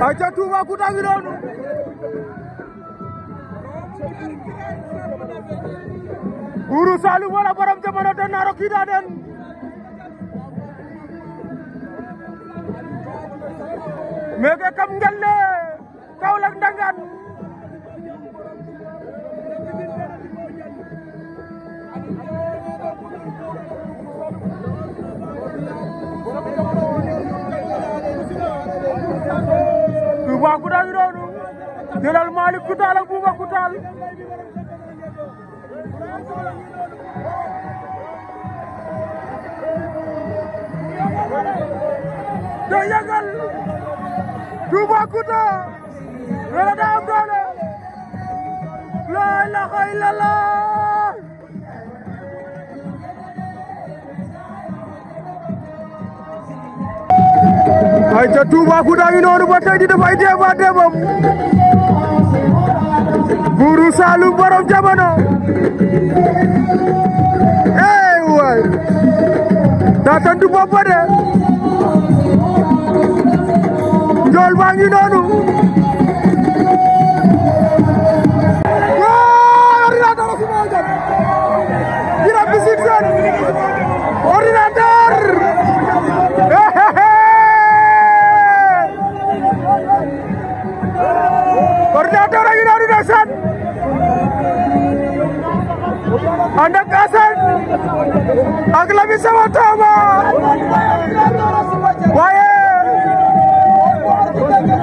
aca Toubacouta ngi noonu Buuru Saalum wala borom jamono den naaro kiida den meke kam ngelle Kaolack Ndangaan jëlal Malick Koutal ak Bouba Koutal da yëngal Bouba Koutal wala daa am doole la ilaha ay ca Touba Kouta ngi ba tey di def ay débat Buuru Saalum borom jamono ey waay daa tantu de njool baa ngi noonu Assane ànd ak Assane ak Lamine Sama waaye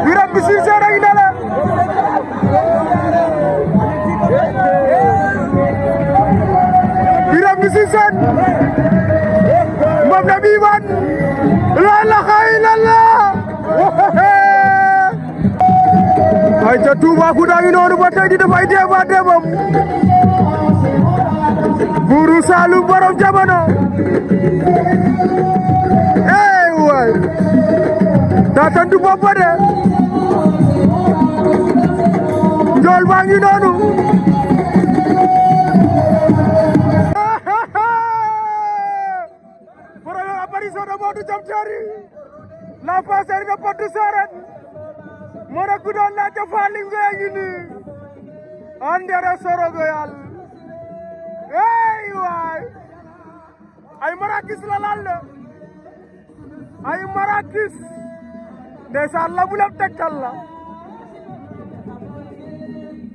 Biram Bichir Sène ak Ndala Biram Bichir Sène moom la bii man la ilaha illallah ay ca Toubacouta ngi noonu ba tey di def ay débat débam buuru Saalum borom jamono ey waay daa tantu bopp de njool baa ngi noonu ñëpp doon laajte Faly Ngoye ngi nii Andere Sorogo yàlla hey ay marakis la laal ay marakis ndeysaan la bu leb la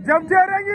jam teere ngi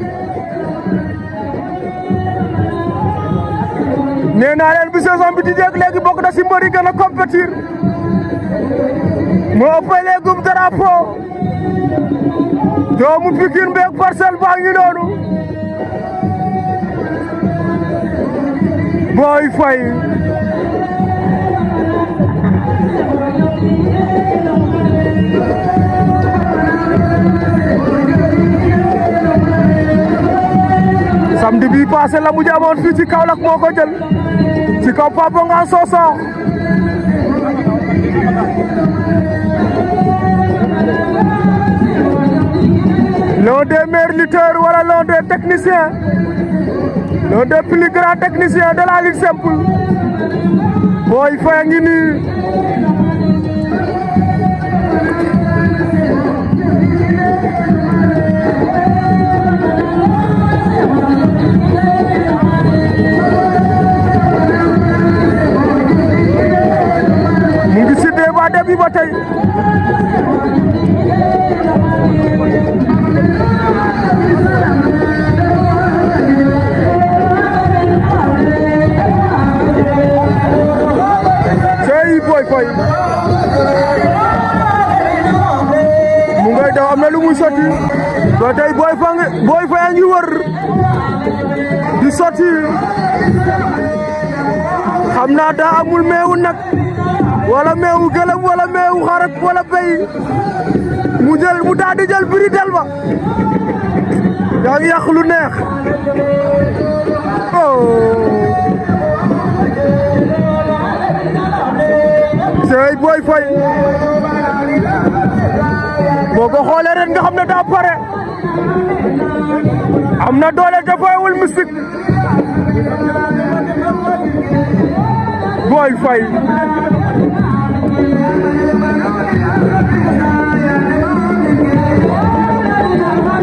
nee naa leen bi saison bi di jeeg léegi bokk na si mbër yi gën a compétir moo ëppalee gum drapeau doomu Pikine beeg parcelle baa ngi noonu Boy Faye Thank you. samedi bi passé la mu jabon fi ci kaw lak moko jël ci kaw Papa nga soso l'un des meilleurs lutteurs wala l'un des techniciens l'un des plus grands techniciens de la ligue simple Boy fa ngi nii muy sotti ba tey booy fa booy fa yaa ngi wër sotti xam naa daa amul meewu nag wala meewu gëlëm wala meewu xarak wala béy mu jël mu daal jël biri del ba yaa ngi yàq lu neex oh. fay boo ko xoolee ren nga xam ne daa pare am na doole te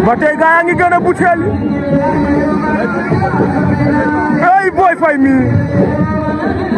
ba tey gaa ngi gën a butéel ay Boy Faye mi